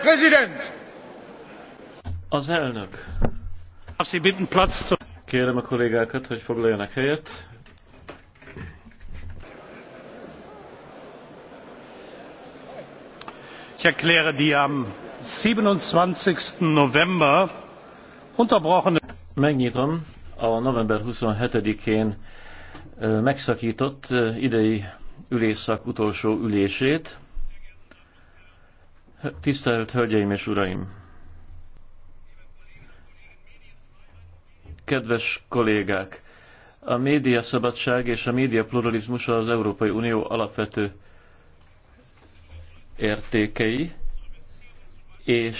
Präsident! Az elnök. Kérem a kollégákat, hogy foglaljanak helyet. Ich erkläre die am 27. November unterbrochene. Megnyitom a november 27-én megszakított idei ülésszak utolsó ülését. Tisztelt Hölgyeim és Uraim! Kedves kollégák! A Média szabadság és a média pluralizmus az Európai Unió alapvető értékei, és